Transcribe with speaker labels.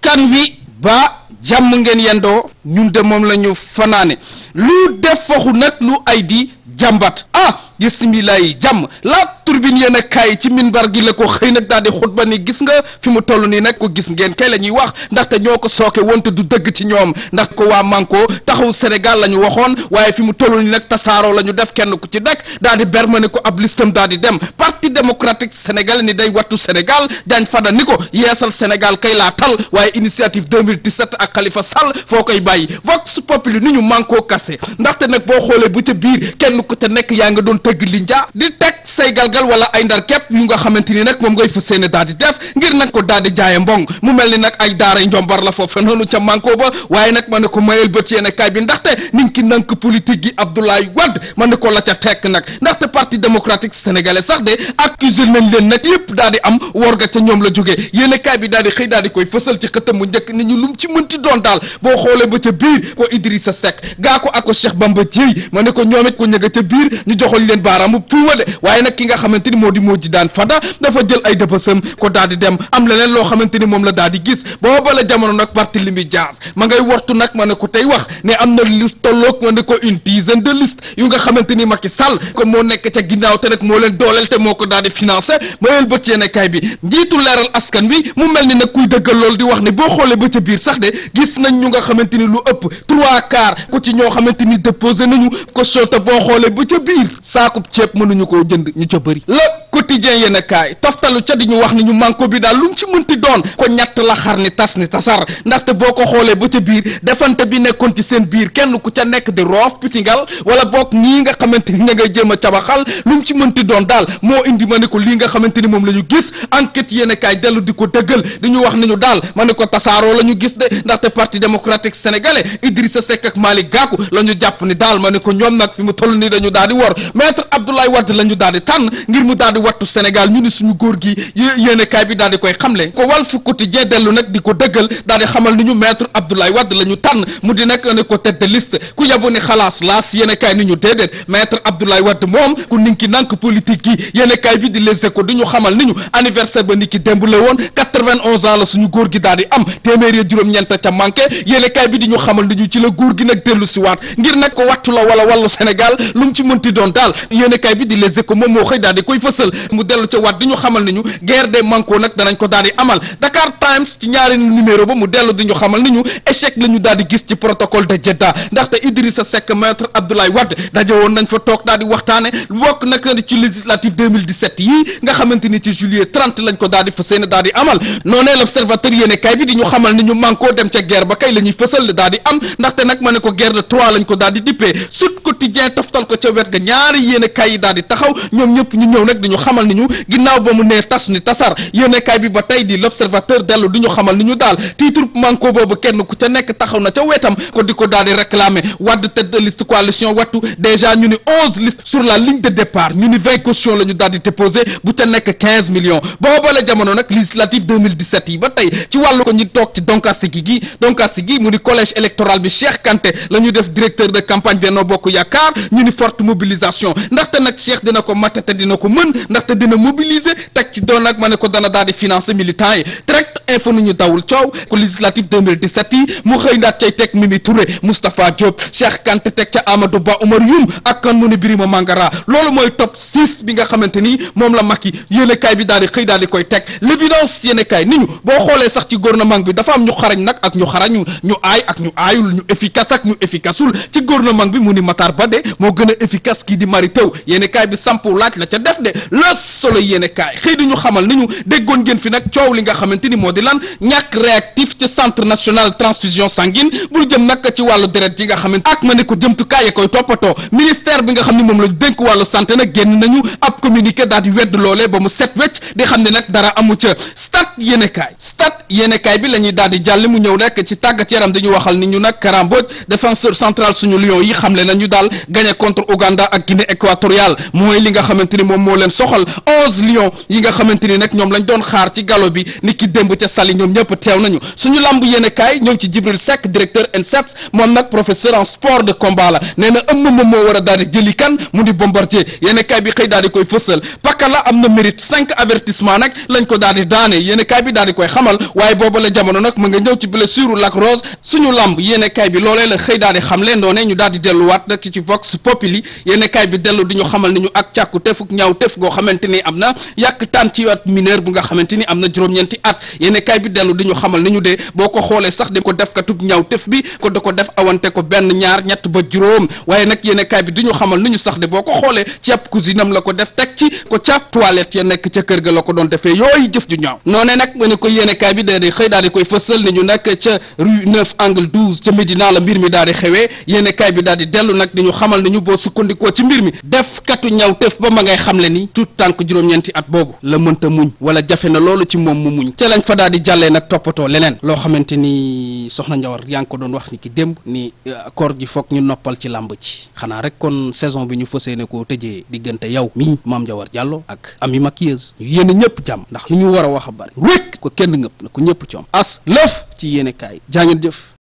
Speaker 1: kan wi ba jàmm ngeen yendoo ñun demoom moom la fanaane lu def faxu nag lu ay di jàmbat ah bisimilaay jàmm laa turbine yéen a kaay ci minbar gi la ko xëy nag daal di xutba ni gis nga fi mu toll nii nag ko gis ngeen kay la ñuy wax ndaxte ñoo ko sooke wante du dëgg ci ñoom ndax ko waa manko taxaw Sénégal la ñu waxoon waaye fi mu toll nii nag tasaaroo la ñu def kenn ku ci dekk daal di berma ni ko ab listam daal di dem parti démocratique sénégal ni day wattu Sénégal daañ fada ni ko yeesal Sénégal kay laa tal waaye initiative 2017 ak Khalifa Sall foo koy bàyyi vox populi ni ñu manko kase ndaxte nag boo xoolee bu ca biir kenn ku te nekk yaa nga doon tëgg linja di teg say galgal wala ay ndar képp yu nga xamante ni nag moom ngay fa séene daal di def ngir nag ko daal di jaaye mbong mu mel ni nag ay daaray njombar la foofu noonu ca manko ba waaye nag ma ne ko mayel bët yéene bi ndaxte ni nank politique gi Abdoulaye Wade ma ne ko la ca tekk nag ndaxte parti démocratique sénégalais sax de accusé nañ leen nag yëpp daal di am wor ga ca ñoom la jógee yéene bi daal xëy daal koy fësal ci xëtam mu njëkk ba ca biir leen baaraamu tuuma de waaye nag ki nga xamante ni moo di moo ji daan fada dafa jël ay dëbësam ko daal di dem am leneen loo xamante ni moom la daal gis booba la jamono nag Barthélémy Dias ma ngay wartu nag ma ne tey wax ne am na lu tolloog ma ne ko une dizaine de liste yu nga xamante ni Macky Sall comme moo nekk ca ginnaaw te nag moo leen dooleel te moo ko daal di financé mayel bët yéene bi njiitu leeral askan wi mu mel ni nag kuy dëggal loolu di wax saakub ceeb mënuñu koo jënd ñu ca bëri la quotidien yéen a kaay toftalu ca di ñu wax nañu ñu bi daal lu mu ci mënti doon ko ñett la xar ni tas ni tasar te boo ko xoolee ba ca biir defante bi nekkoon ci seen biir kenn ku ca nekk di roof pitingal wala boog ñii nga xamante ni ña ngay jëm a cabaxal lu mu ci mënti doon daal moo indi ma ne ko lii nga xamante ni moom la ñu gis enquête yéen kaay dellu di ko dëggal di ñu wax ni ñu daal ma ne ko tasaaroo la ñu gis de ndaxte parti démocratique sénégalais Idrissa Seck ak Malick Gakou la ñu jàpp ni daal ma ne ko ñoom nag fi mu toll nii dañu daal di wor maître Abdoulaye Wade la ñu daal di tànn ngir mu di wattu Sénégal ñu ni suñu góor gi yéene kaay bi daal di koy xamle ko Walf Quotidien dellu nag di ko dëggal daal di xamal ni ñu maître Abdoulaye Wade la ñu tànn mu di nag ne ko tête de liste ku yabu ni xalaas laas yéene kaay ni ñu déedéet maître Abdoulaye Wade moom ku ninki nank politique gi yéene kaay bi di Les Échos di ñu xamal ni ñu anniversaire ba niki démb la woon 91 ans la suñu góor gi daal di am téeméeri juróom-ñeent ca manqué yéene kaay bi di ñu xamal ni ñu ci la góor gi nag dellu si waat ngir nag ko wattu la wala wàllu Sénégal lu mu ci mënti doon daal yéene kaay bi di Les jiital mu dellu ca waat di ñu xamal ni ñu guerre des manko nag danañ ko daal di amal Dakar Times ci ñaari numéro ba mu dellu di ñu xamal ni échec la ñu gis ci protocole de Jeddah ndaxte Idrissa Seck maître Abdoulaye Wade daje woon nañ fa toog daal waxtaane bokk nag ci législative 2017 nga xamante ni ci juillet 30 lañ ko daal di fas amal noonee l'observateur yéene bi di ñu xamal ni ñu dem ca guerre ba kay la fësal la am ndaxte xamal ni ñu ginnaaw ba mu nee tas ni tasar yéenekaay bi ba tey di l'observateur dellu du ñu xamal ni ñu daal titre manko boobu kenn ku ca nekk taxaw na ca wetam ko di ko daal di réclamer wadd tête de coalition wattu déjà ñu ni onze sur la ligne de départ ñu ni vingt caution la ñu daal di déposé bu ca nekk quinze millions boobale jamono nag législative 2017 yi ba tey ci wàllu ko ñu toog ci donkasigi gi donkasigi mu ni collège électoral bi Cheikh Kanté la def directeur campagne Benno Bokk Yaakaar ñu ni forte mobilisation ndaxte nag Cheikh dina ko matate dina ko mën ndaxte dina mobiliser teg ci doon nag ma ne ko dana daal di financer militant yi direct info ni ñu dawul coow ko législatif 2017 yi mu xëy ndaat cay teg Mimi Touré Moustapha Diop Cheikh Kanté teg ca Amadou Ba Oumar Youm ak kan mu ne Birima Mangara loolu mooy top 6 bi nga xamante ni moom la mag yi yéenekaay bi daal di xëy daal di koy teg l'évidence yéenekaay ni ñu boo xoolee sax ci gouvernement bi dafa am ñu xarañ nag ak ñu xarañu ñu aay ak ñu aayul ñu efficace ak ñu efficaceul ci gouvernement bi mu ni Matar Ba de moo gën a efficace kii di mari tew bi sampu laaj la ca def de la solo yéene kaay xëy dañu xamal ni ñu déggoon ngeen fi nag coow li nga xamante ni moo di lan ñàkk réactif ci centre national transfusion sanguine bul jëm nag ci wàllu deret yi nga xamante ak ma ne ko jëmtukaay ya koy toppatoo ministère bi nga xam ne moom lañu dénk wàllu santé nag génn nañu ab communiqué daal wedd loolee ba mu set wecc di xam ne nag dara amu ca stade yéene kaay stade bi la ñuy daal di jàll mu ñëw nekk ci tàggat yaram dañu waxal ni ñu nag karamboj défenseur central suñu yi xamle nañu daal gagné contre Ouganda ak toxal onze lions yi nga xamante nag ñoom lañ doon xaar ci galo bi ni démb ca Saly ñoom ñëpp teew nañu suñu lamb yéene kaay ñëw ci Jibril Seck directeur INSEPS e moom nag professeur en sport de combat la nee moom moo war a jëli kan mu di bombardier yéene bi xëy daal koy fësal pakala am na mérite cinq avertissement nag lañ ko daal di daane bi daal koy xamal waaye booba la jamono nag mu nga ñëw ci blessure Lac Rose suñu ñu daal di xamante ni am na yàq taan ci waat mineur bu nga xamante ni am na juróom-ñeenti at yéene kaay bi dellu di ñu xamal ni ñu dee boo ko xoolee sax ko def katub ñaaw tëf bi ko da ko def awante ko benn ñaar ñett ba juróom waaye nag yéene bi di ñu xamal ni ñu sax de boo ko xoolee ci ab cousinam la ko def teg ci ko ca toilette ya nekk ca kër ga la ko doon defee yooyu jëf ju ñaaw noonee nag ma ne ko yéene kaay bi daal di xëy daal di koy fësal ni ñu nag ca rue 9 angle 12 ca Médina la mbir mi daal di xewee yéene bi daal di dellu nag di ñu xamal ni ñu boo sukkandikoo ci mbir mi def ñaw ñaaw tëf ba ma ngay xamle ni tut tànk juróom-ñeenti at boobu la mënta muñ wala jafe na loolu ci moom mu muñ ca fa daal di jàllee nag toppatoo leneen loo xamante ni soxna Njawar yaa ngi ko doon wax ni ki démb ni euh, koor gi foog ñu noppal ci làmb ci xanaa rek kon saison bi ñu fësee ne koo tëjee diggante yow mii Maam Njawar Diallo ak Ami Maquilleuse ñu yéene ñëpp jàmm ndax li ñu war a wax a bari wékk ko kenn ngëpp na ko ñëpp coom as lëf ci yéene kaay jaa ngeen jëf